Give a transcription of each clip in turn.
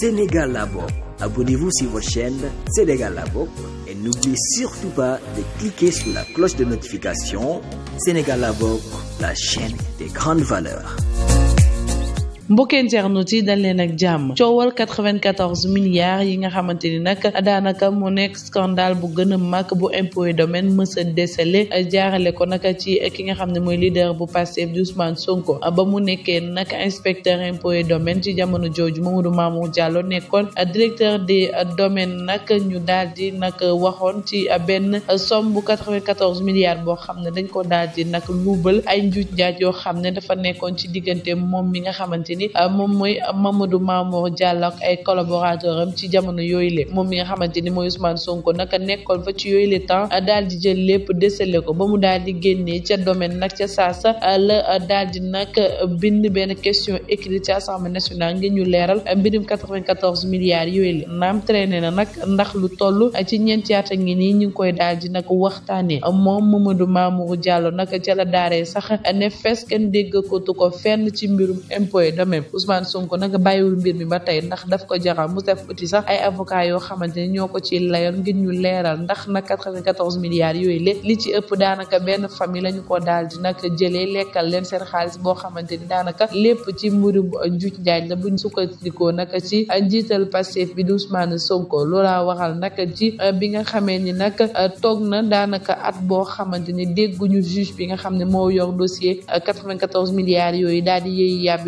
Sénégal la abonnez-vous sur vos chaînes Sénégal la et n'oubliez surtout pas de cliquer sur la cloche de notification Sénégal la la chaîne des grandes valeurs mbokki internautes yi dal leen ak jàmm coowal 94 milliards yi nga xamante ni nag daanaka mu nekk scandale bu gën a mag bu impôt domaine mësa a jaarale ko nag ci ki nga xam ne mooy leader bu Pastef di Ousmane Sonko ba mu nekkee nag inspecteur impôt domaine ci jamono jooju Mamadou Mamour Diallo nekkoon directeur des domaines nag ñu daal di nag waxoon ci benn somme bu 94 milliards boo xam ne dañ ko daal di nag luubal ay njuuj njaaj yoo xam ne dafa nekkoon ci diggante moom mi nga xamante ni euh, moom mooy Mamadou Mamour Diallo ak ay collaborateur am ci jamono yooyu le moom mi nga xamante ni mooy Ousmane Sonko naka nekkoon fa ci yooyu le temps euh, daal di jël lépp décelé ko ba mu daal di génnee ca domaine nag ca saasa euh, la daal di nag bind benn question écrite ci assemblée nationale ngir ñu leeral mbirum 94 milliards yooyu le naam traîné na nag ndax lu toll ci ñeenti at ngi nii ñu ngi koy daal di nag waxtaanee moom Mamadou Mamour Diallo nag ca la daaree sax ne fes kenn dégg ko tu ko fenn ci mbirum impôt même Ousmane Sonko nag bàyyiwul mbir mi ba tey ndax daf ko jaral mu def uti sax ay avocat yoo xamante ne ñoo ko ci layoon ngir ñu leeral ndax nag 94 milliards yooyu lé li ci ëpp daanaka benn famille la ñu ko daal di nag jëlee lekkal leen seen xaalis boo xamante ni daanaka lépp ci mbirum njuuj njaaj la bu buñ sukkandikoo nag ci njiital Pastef bi di Ousmane Sonko loolaa waral nag ci euh, bi nga xamee ni nag euh, toog na daanaka at boo xamante ni dégguñu juge bi nga xam ne moo yor dossier 94 euh,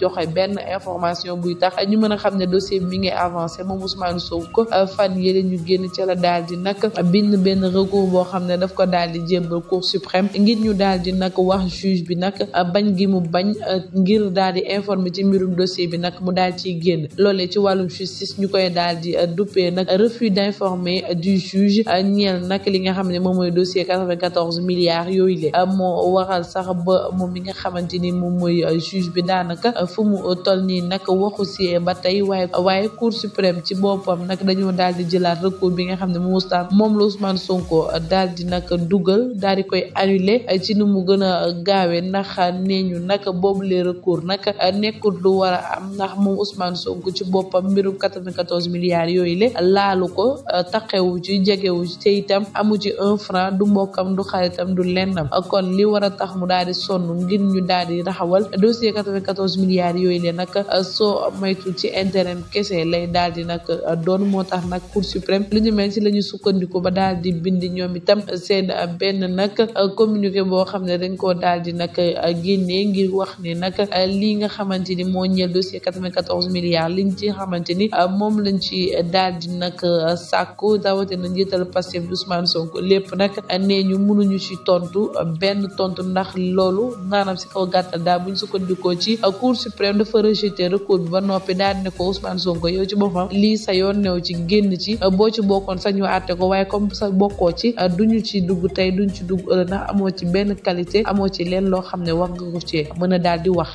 joxe benn information buy tax ñu mën a xam ne dossier mi ngi avancé moom Ousmane sow ko euh, fan yële ñu génn ca la daal di nag bind benn recours boo xam ne daf ko daal di jébbal cour suprême ngir ñu daal di nag wax juge bi nag euh, bañ gi mu bañ euh, ngir daal di informer ci mbirum dossier bi nag mu daal ciy génn loolee ci wàllum justice ñu koy daal di duppee nag refus d'informer du juge ñeel nag li nga xam ne moom mooy dossier 94 milliards yooyu le moo waral sax ba moom mi nga xamante ni moom mooy juge bi daanaka fu mu toll nii nag waxu si ba tey waaye waaye cour suprême ci boppam nag dañoo daal di jëlaat recours bi nga xam ne moom Ousmane moom la Ousmane Sonko daal di nag dugal daal di koy annulé ci nu mu gën a gaawee ndax nee ñu nag boobu les recours nag nekkul lu war a am ndax moom Ousmane Sonko ci boppam mbirum 94 milliards yooyu le laalu ko taqewu ci jegewu ci itam amu ci un franc du mbokkam du xaritam du lennam kon li war tax mu daal sonn ngir ñu daal di raxawal dossier 94 milliards milliards yooyu ne nag uh, soo maytu ci intérêt kese eh, lay daal di nag uh, doon moo tax nag cour suprême lu ñu mel ci la ñu sukkandiku ba daal di bind ñoom itam uh, seen benn nag communiqué boo xam ne dañ koo daal di nag génnee ngir wax ne nag lii nga xamante ni moo ñeel dossier 94 milliards liñ ci xamante ni moom lañ ci daal di nag sàkku dawate na njiital Pastef Ousmane Sonko lépp nag nee ñu mënuñu ci tontu benn tontu ndax loolu maanaam si kaw gàttal daal buñ sukkandikoo ci cour suprême dafa rejeté recours bi ba noppi daal ne ko Ousmane Sonko yow ci boppam lii sa yoon new ci génn ci boo ci bokkoon sañu àtte ko waaye comme sa bokkoo ci duñu ci dugg tey duñ ci dugg ëllëg ndax amoo ci benn qualité amoo ci leen loo xam ne wax nga ko ci mën a daal di wax.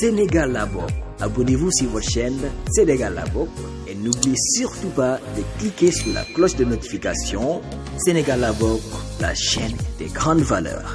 Sénégal la bokk. Abonnez-vous sur votre chaîne Sénégal la bokk et n'oubliez surtout pas de cliquer sur la cloche de notification Sénégal la bokk, la chaîne des grandes valeurs.